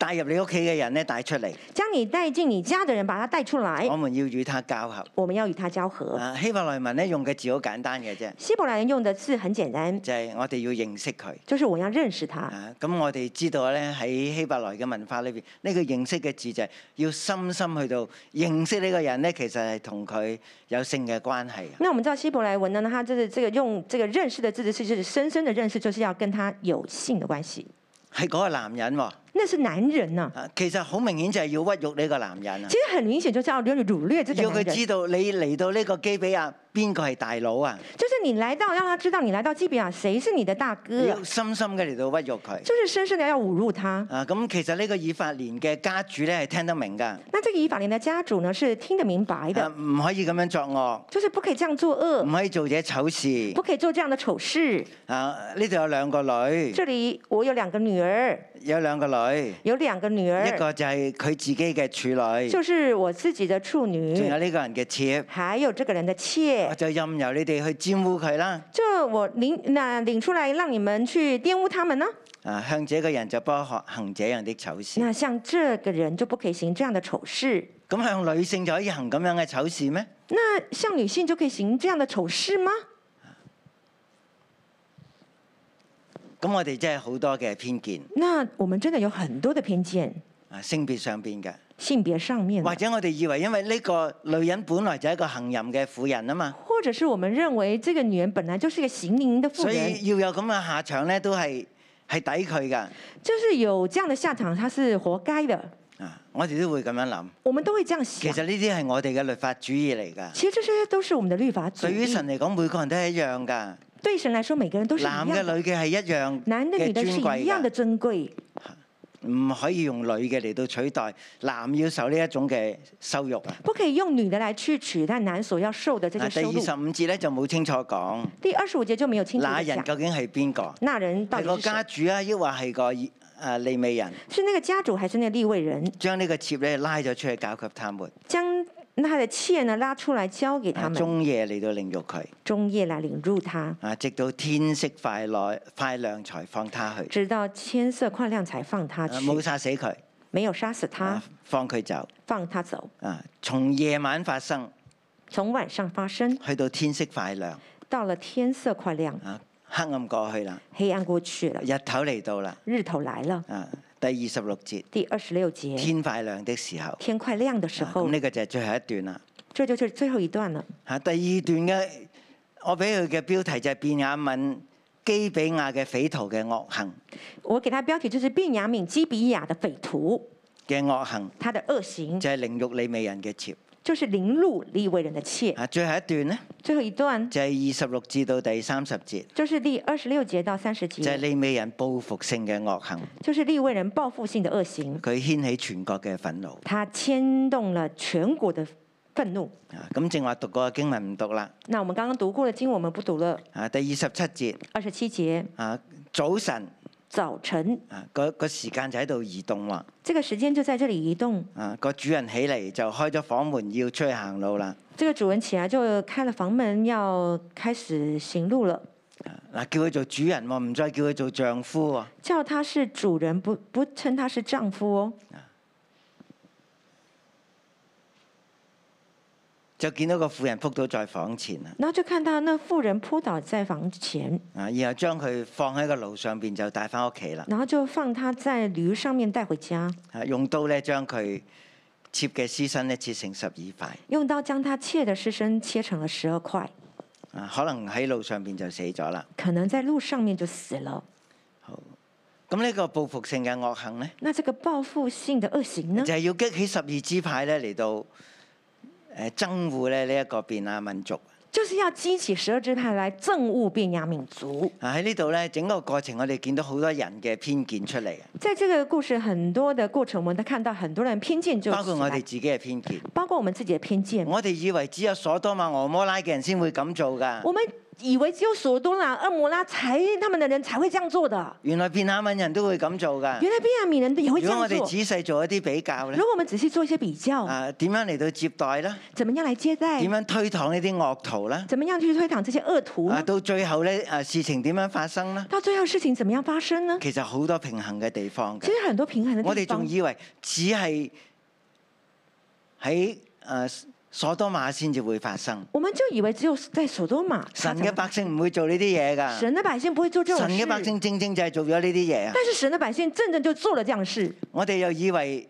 帶入你屋企嘅人咧，帶出嚟。將你帶進你家嘅人，把他帶出來。我們要與他交合。我們要與他交合。希伯來文咧用嘅字好簡單嘅啫。希伯來人用嘅字很簡單，就係、是、我哋要認識佢。就是我要認識他。咁、啊、我哋知道咧喺希伯來嘅文化裏邊，呢、這個認識嘅字就係要深深去到認識呢個人咧，其實係同佢有性嘅關係。那我們知道希伯來文呢，他就是這個用這個認識嘅字，就是深深嘅認識，就是要跟他有性嘅關係。係嗰個男人喎、哦。那是男人啊，其實好明顯就係要屈辱呢個男人啊，其實很明顯就係要屈辱虐，要佢知道你嚟到呢個基比亞，啊。邊個係大佬啊？就是你來到，讓他知道你來到基比亞，誰是你的大哥？要深深嘅嚟到，屈辱佢。就是深深的要侮辱他。啊，咁其實呢個以法蓮嘅家主咧，係聽得明噶。那這個以法蓮的家主呢是聽得明白的。唔可以咁樣作惡。就是不可以這樣作惡。唔可以做啲醜事。不可以做這樣的醜事。啊，呢度有兩個女。這裡我有兩個女兒。有兩個女。有兩個女兒。一個就係佢自己嘅處女。就是我自己的處女。仲有呢個人嘅妾。還有這個人的妾。我就任由你哋去玷污佢啦。就我領嗱領出來，讓你們去玷污他們啦。啊，向這個人就不可行這樣的醜事。那像這個人就不可以行這樣的醜事。咁向女性就可以行咁樣嘅醜事咩？那向女性就可以行這樣的醜事嗎？咁我哋真係好多嘅偏見。那我們真的有很多的偏見。啊，性別上邊嘅。性別上面，或者我哋以為因為呢個女人本來就係一個行淫嘅婦人啊嘛，或者是我們認為這個女人本來就是一個行淫的婦人，所以要有咁嘅下場咧，都係係抵佢噶。就是有這樣嘅下場，她是活該的。啊，我哋都會咁樣諗。我們都會這樣想。其實呢啲係我哋嘅律法主義嚟噶。其實這些都是我們的律法主義。對於神嚟講，每個人都係一樣噶。對神嚟說，每個人都男嘅女嘅係一樣，一樣。男嘅，男的女的是一樣的尊貴。男的女的唔可以用女嘅嚟到取代男要受呢一種嘅羞辱。不可以用女嘅嚟去取代男所要受嘅，這個羞辱。第二十五節咧就冇清楚講。第二十五節就沒有清楚。那人究竟係邊個？那人到底係個家主啊，抑或係個啊利未人？是呢個家主還是呢個利未人？將呢個妾咧拉咗出去交給他們。將那他的妾呢？拉出來交給他們。中夜嚟到凌辱佢。中夜嚟凌辱他。啊，直到天色快落、快亮才放他去。直到天色快亮才放他去。冇殺死佢。沒有殺死他。放佢走。放他走。啊，從夜晚發生。從晚上發生。去到天色快亮。到了天色快亮。啊，黑暗過去啦。黑暗過去了。日頭嚟到啦。日頭來了。嗯。第二十六節。第二十六節。天快亮的時候。天快亮的時候。呢、啊，這個就係最後一段啦。這就是最後一段啦。嚇、啊，第二段嘅我俾佢嘅標題就係便雅敏基比亞嘅匪徒嘅惡行。我給他標題就是便雅敏基比亞嘅匪徒嘅惡行。他的惡行。就係、是、凌辱你美人嘅妾。就是凌辱利未人的妾。啊，最後一段呢？最後一段就係二十六至到第三十節。就是第二十六節到三十節。就係、是、利未人報復性嘅惡行。就是利未人報復性嘅惡行。佢掀起全國嘅憤怒。他牽動了全國嘅憤怒，怒。啊，咁正話讀過嘅經文唔讀啦。那我們剛剛讀過嘅經文，我們不讀了。啊，第二十七節。二十七節。啊，早晨。早晨啊，個時間就喺度移動喎。這個時間就喺、這個、這裡移動。啊，個主人起嚟就開咗房門要出去行路啦。這個主人起來就開了房門要開始行路了。嗱、啊，叫佢做主人喎，唔再叫佢做丈夫喎。叫他是主人，不不稱他是丈夫哦。就見到個婦人撲倒在房前啦。然後就看到那婦人撲倒在房前。啊，然後將佢放喺個路上邊就帶翻屋企啦。然後就放他在驢上面帶回家。啊，用刀咧將佢切嘅屍身咧切成十二塊。用刀將他切嘅屍身切成了十二塊。啊，可能喺路上邊就死咗啦。可能在路上面就死了。好，咁呢個報復性嘅惡行咧？那這個報復性的惡行呢？就係要激起十二支派咧嚟到。誒憎惡咧呢一個便雅憫族，就是要激起十二支派來憎惡便雅憫族。啊，喺呢度呢，整個過程我哋見到好多人嘅偏見出嚟。在這個故事很多的過程，我們都看到很多人偏見，就包括我哋自己嘅偏見，包括我們自己嘅偏見。我哋以為只有所多瑪俄摩拉嘅人先會咁做㗎。我們以為只有索多拉、厄摩拉，才他們的人才會這樣做的。原來變亞敏人都會咁做噶。原來變亞敏人都也會。如果我哋仔細做一啲比較咧。如果我們仔細做，做一些比較。啊，點樣嚟到接待咧？怎麼樣來接待？點樣推搪呢啲惡徒咧？怎麼樣去推搪這些惡徒？啊，到最後咧，啊事情點樣發生呢？到最後事情怎麼樣發生呢？其實好多平衡嘅地方。其實很多平衡嘅地方。我哋仲以為只係喺啊。所多瑪先至會發生，我們就以為只有在所多瑪。神嘅百姓唔會做呢啲嘢㗎。神嘅百姓不會做這種神嘅百姓正正就係做咗呢啲嘢啊！但是神嘅百姓正正就做了這樣事。我哋又以為，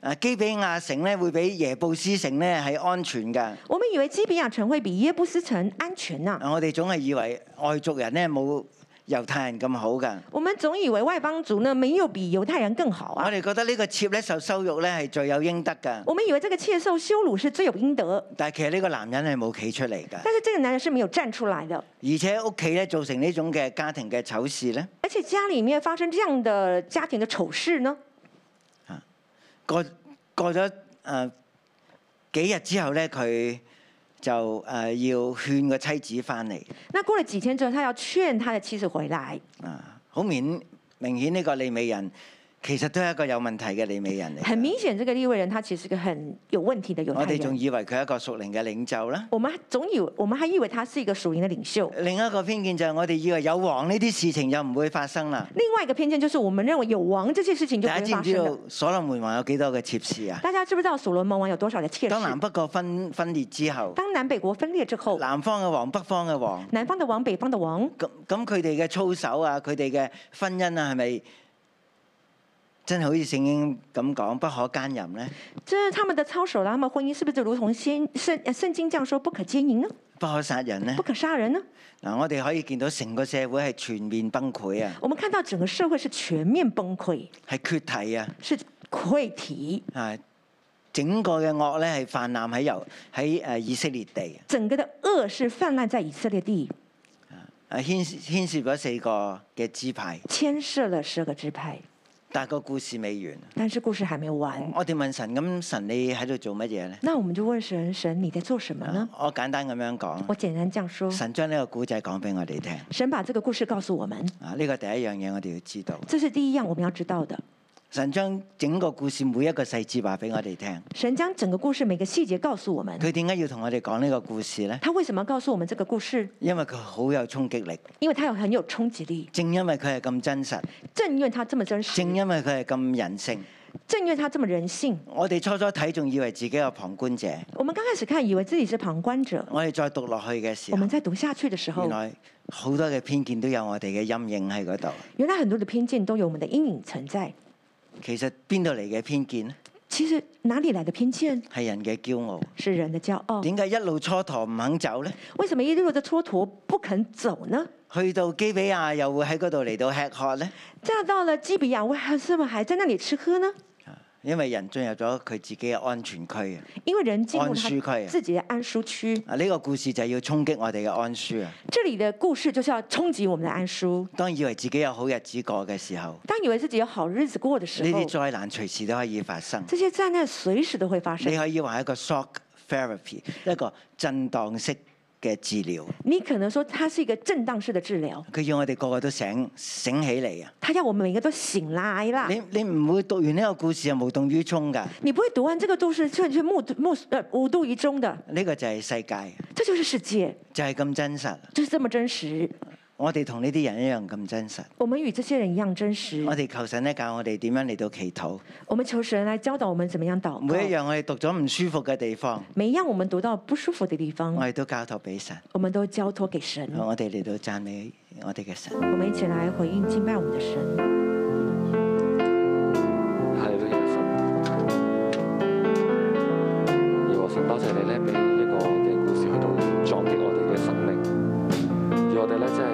啊基比亞城咧會比耶布斯城咧係安全㗎。我們以為基比亞城會比耶布斯城安全啊！我哋總係以為外族人咧冇。猶太人咁好㗎？我們總以為外邦族呢，沒有比猶太人更好啊！我哋覺得呢個妾呢受羞辱咧，係罪有應得㗎。我們以為這個妾受羞辱是罪有應得。但係其實呢個男人係冇企出嚟㗎。但是這個男人是沒有站出嚟的。而且屋企咧造成呢種嘅家庭嘅醜事呢。而且家裡面發生這樣的家庭嘅醜事呢。啊，過過咗誒幾日之後呢，佢。就誒、呃，要勸個妻子翻嚟。那過了幾天之後，他要勸他的妻子回來。啊，好明明顯呢個李美人。其實都係一個有問題嘅利未人嚟。很明顯，這個利未人他其實係個很有問題的有。我哋仲以為佢係一個屬靈嘅領袖啦。我們總以為我們還以為他是一個屬靈嘅領袖。另一個偏見就係我哋以為有王呢啲事情就唔會發生啦。另外一個偏見就是我們認為有王這些事情就。大家知唔知道所羅門王有幾多嘅妾侍啊？大家知唔知道所羅門王有多少嘅妾侍？當南北國分分裂之後。當南北國分裂之後。南方嘅王，北方嘅王。南方嘅王，北方嘅王。咁咁佢哋嘅操守啊，佢哋嘅婚姻啊，係咪？真係好似聖經咁講不可奸淫咧？即係他們的操守啦，他們婚姻是不是就如同先聖聖經講說不可奸淫呢？不可殺人呢？不可殺人呢？嗱，我哋可以見到成個社會係全面崩潰啊！我們看到整個社會是全面崩潰，係缺題缺體啊，是潰體啊！整個嘅惡咧係泛濫喺由喺誒以色列地，整個的惡是泛濫在以色列地啊！牽牽涉咗四個嘅支派，牽涉了四個支派。但個故事未完，但是故事還未完。我哋問神，咁神你喺度做乜嘢咧？那我們就問神，神你在做什麼呢？我簡單咁樣講，我簡單這樣說，神將呢個故仔講俾我哋聽，神把這個故事告訴我們。啊，呢個第一樣嘢我哋要知道，這是第一樣我們要知道的。神將整個故事每一個細節話俾我哋聽。神將整個故事每個細節告訴我們。佢點解要同我哋講呢個故事呢？他為什麼告訴我們這個故事？因為佢好有衝擊力。因為他有很有衝擊力。正因為佢係咁真實。正因為他這麼真實。正因為佢係咁人性。正因為他這麼人性。我哋初初睇仲以為自己係旁觀者。我們剛開始看以為自己是旁觀者。我哋再讀落去嘅時候，我們在讀下去的時候，原來好多嘅偏見都有我哋嘅陰影喺嗰度。原來很多的偏見都有我們的陰影存在。其實邊度嚟嘅偏見呢？其實哪裏來嘅偏見？係人嘅驕傲。是人的驕傲。點解一路蹉跎唔肯走呢？為什麼一路的蹉跎不肯走呢？去到基比亞又會喺嗰度嚟到吃喝呢？嫁到了基比亞，為什麼還在那裏吃喝呢？因為人進入咗佢自己嘅安全區啊，因為人進入佢自己嘅安舒區啊，呢、這個故事就係要衝擊我哋嘅安舒啊。這裡的故事就是要衝擊我們嘅安舒。當以為自己有好日子過嘅時候，當以為自己有好日子過嘅時候，呢啲災難隨時都可以發生。這些災難隨時都會發生。你可以話係一個 shock therapy，一個震盪式。嘅治療，你可能說它是一個震盪式的治療，佢要我哋個個都醒醒起嚟啊！他要我們每個都醒嚟啦！你你唔會讀完呢個故事就無動於衷噶？你不會讀完這個故事就去目目誒無動於衷的？呢個、這個就係世界，這就是世界，就係、是、咁真實，就是這麼真實。我哋同呢啲人一樣咁真實。我們與這些人一樣真實。我哋求神咧教我哋點樣嚟到祈禱。我們求神來教導我們怎麼樣禱。每一樣我哋讀咗唔舒服嘅地方。每一樣我們讀到不舒服嘅地方，我哋都交託俾神。我哋都交託給神。我哋嚟到讚美我哋嘅神。我哋一齊來回應敬拜我們嘅神。耶和華神，多謝你咧，俾一個嘅故事去到撞擊我哋嘅生命，而我哋咧真係。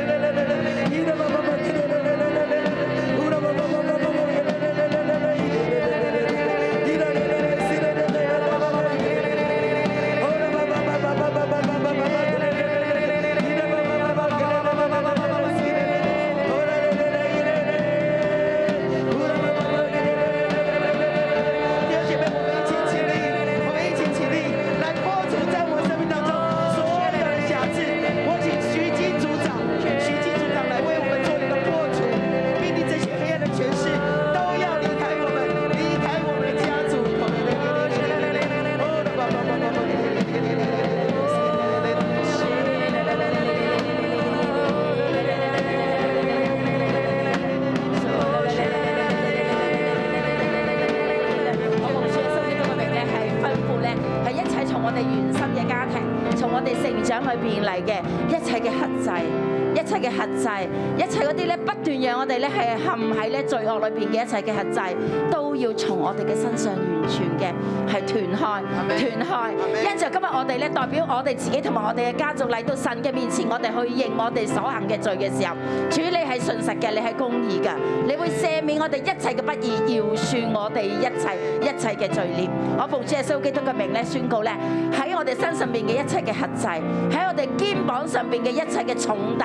罪都要從我哋嘅身上完全嘅係斷開，斷開。因就今日我哋咧代表我哋自己同埋我哋嘅家族嚟到神嘅面前，我哋去認我哋所行嘅罪嘅時候，主你係信實嘅，你係公義嘅，你會赦免我哋一切嘅不義，饒恕我哋一切一切嘅罪孽。我奉主耶穌基督嘅名咧宣告咧，喺我哋身上面嘅一切嘅轄制，喺我哋肩膀上邊嘅一切嘅重擔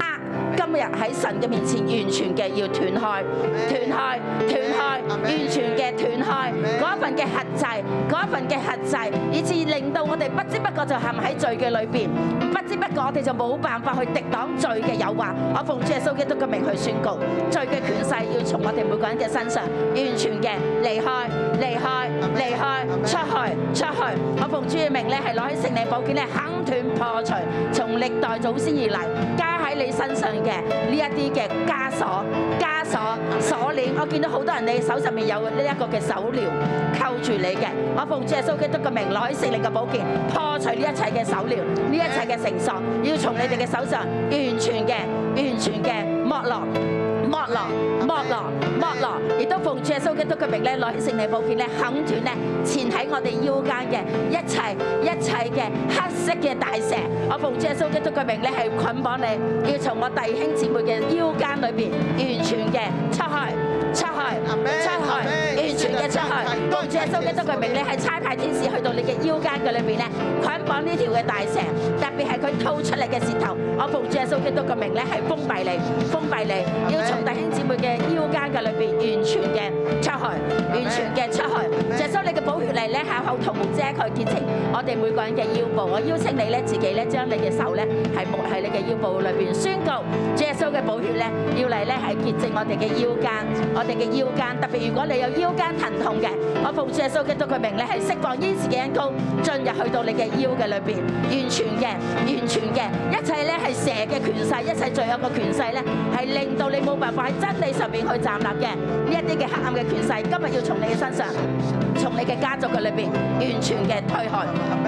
啊。今日喺神嘅面前，完全嘅要斷開、斷開、斷開，完全嘅斷開嗰一份嘅轄制，嗰一份嘅轄制，以致令到我哋不知不覺就陷喺罪嘅裏邊，不知不覺我哋就冇辦法去抵擋罪嘅誘惑。我奉主耶穌基督嘅名去宣告，罪嘅權勢要從我哋每個人嘅身上完全嘅離開、離開、離開、出去、出去。我奉主嘅名咧，係攞起聖靈寶劍咧，肯斷破除。從歷代祖先而嚟加喺你身上。呢一啲嘅枷鎖、枷鎖、鎖鏈，我見到好多人你手上面有呢一個嘅手鐐扣住你嘅，我奉主耶穌基督嘅名攞起聖靈嘅寶劍，破除呢一切嘅手鐐，呢一切嘅繩索，要從你哋嘅手上完全嘅、完全嘅剝落。莫羅，莫羅，莫羅！亦、okay. 都奉主耶穌基督嘅名咧，攞起聖靈寶劍咧，砍斷咧纏喺我哋腰間嘅一切一切嘅黑色嘅大蛇。我奉主耶穌基督嘅名咧，係捆綁你，要從我弟兄姊妹嘅腰間裏邊完全嘅出去。出去，出去，完全嘅出去。奉主耶穌基督嘅名，你係差派天使去到你嘅腰間嘅裏邊咧，捆綁呢條嘅大蛇。特別係佢吐出嚟嘅舌頭，我奉主耶穌基督嘅名咧，係封閉你，封閉你。要從弟兄姊妹嘅腰間嘅裏邊完全嘅出去，完全嘅出去。耶穌你嘅寶血嚟咧，喺後頭遮蓋潔淨。我哋每個人嘅腰部，我邀請你咧，自己咧將你嘅手咧，係喺你嘅腰部裏邊宣告，耶穌嘅寶血咧，要嚟咧係潔淨我哋嘅腰間。我哋嘅腰間，特別如果你有腰間疼痛嘅，我奉主耶穌基督嘅名，你係釋放醫治嘅恩膏進入去到你嘅腰嘅裏邊，完全嘅、完全嘅一切咧係蛇嘅權勢，一切罪惡嘅權勢咧係令到你冇辦法喺真理上面去站立嘅呢一啲嘅黑暗嘅權勢，今日要從你嘅身上、從你嘅家族裏邊完全嘅推開、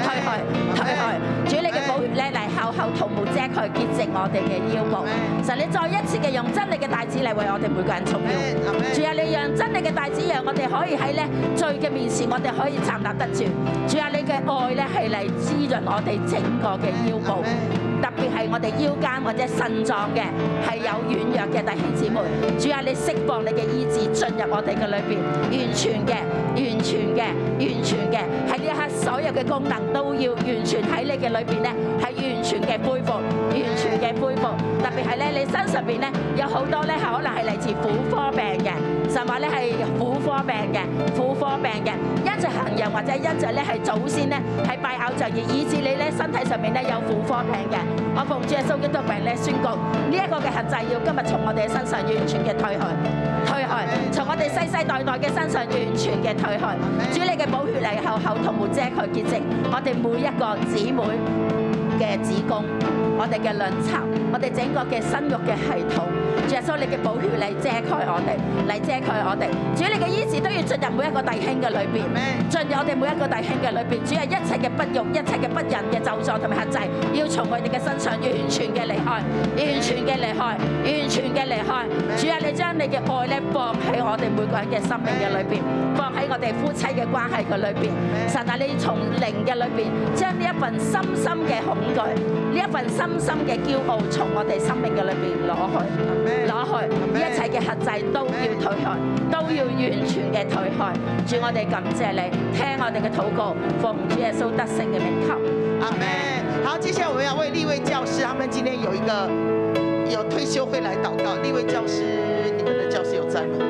推開、推開，主你嘅寶血咧嚟厚厚塗抹遮蓋潔淨我哋嘅腰部。神，你再一次嘅用真理嘅帶子嚟為我哋每個人束腰。仲有你讓真理嘅大子讓我哋可以喺咧罪嘅面前，我哋可以站立得住。仲有你嘅愛咧，係嚟滋潤我哋整個嘅腰部。特別係我哋腰間或者腎臟嘅係有軟弱嘅弟兄姊妹，主啊，你釋放你嘅意志，進入我哋嘅裏邊，完全嘅、完全嘅、完全嘅，喺呢一刻所有嘅功能都要完全喺你嘅裏邊咧，係完全嘅恢復，完全嘅恢復。特別係咧，你身上邊咧有好多咧可能係嚟自婦科病嘅，甚或咧係婦科病嘅、婦科病嘅，一隻行人或者一隻咧係祖先咧係拜偶像，而以致你咧身體上面咧有婦科病嘅。我奉主嘅聖潔名咧宣告，呢、這、一個嘅限制要今日從我哋嘅身上完全嘅退去，退去，從我哋世世代代嘅身上完全嘅退去。主，你嘅寶血嚟後，後，後頭冇遮蓋潔淨，我哋每一個姊妹。嘅子宮，我哋嘅卵巢，我哋整個嘅生育嘅系統，主耶穌你嘅寶血嚟遮蓋我哋，嚟遮蓋我哋，主你嘅醫治都要進入每一個弟兄嘅裏邊，進入我哋每一個弟兄嘅裏邊，主啊，一切嘅不育、一切嘅不仁嘅咒詛同埋限制，要從我哋嘅身上完全嘅離開，完全嘅離開，完全嘅離開，主啊，你將你嘅愛咧放喺我哋每個人嘅生命嘅裏邊，放喺我哋夫妻嘅關係嘅裏邊，神啊，你從靈嘅裏邊將呢一份深深嘅紅。呢一份深深嘅驕傲，從我哋生命嘅裏邊攞去，攞去，Amen, 一切嘅限制都要退去，Amen, 都要完全嘅退去。主，我哋感謝你，聽我哋嘅禱告，奉主耶穌得勝嘅名求。阿門。好，接下來我們要為呢位教師，他們今天有一個有退休會來禱告。呢位教師，你們的教師有在嗎？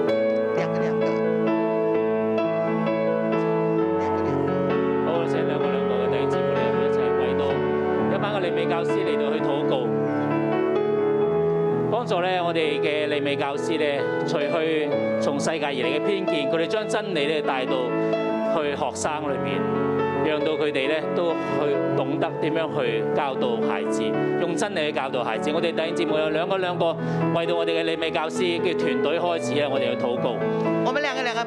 咧，我哋嘅利美教師咧，除去從世界而嚟嘅偏見，佢哋將真理咧帶到去學生裏邊，讓到佢哋咧都去懂得點樣去教導孩子，用真理去教導孩子。我哋第二節目有兩個兩個為到我哋嘅利美教師嘅團隊開始咧，我哋去禱告。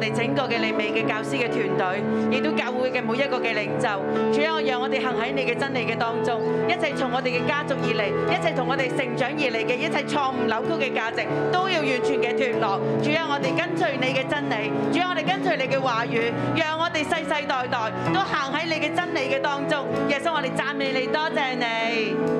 我哋整個嘅利未嘅教師嘅團隊，亦都教會嘅每一個嘅領袖，主啊，讓我哋行喺你嘅真理嘅當中，一切從我哋嘅家族而嚟，一切同我哋成長而嚟嘅一切錯誤扭曲嘅價值，都要完全嘅脫落。主啊，我哋跟隨你嘅真理，主啊，我哋跟隨你嘅話語，讓我哋世世代代都行喺你嘅真理嘅當中。耶穌，我哋讚美你，多謝你。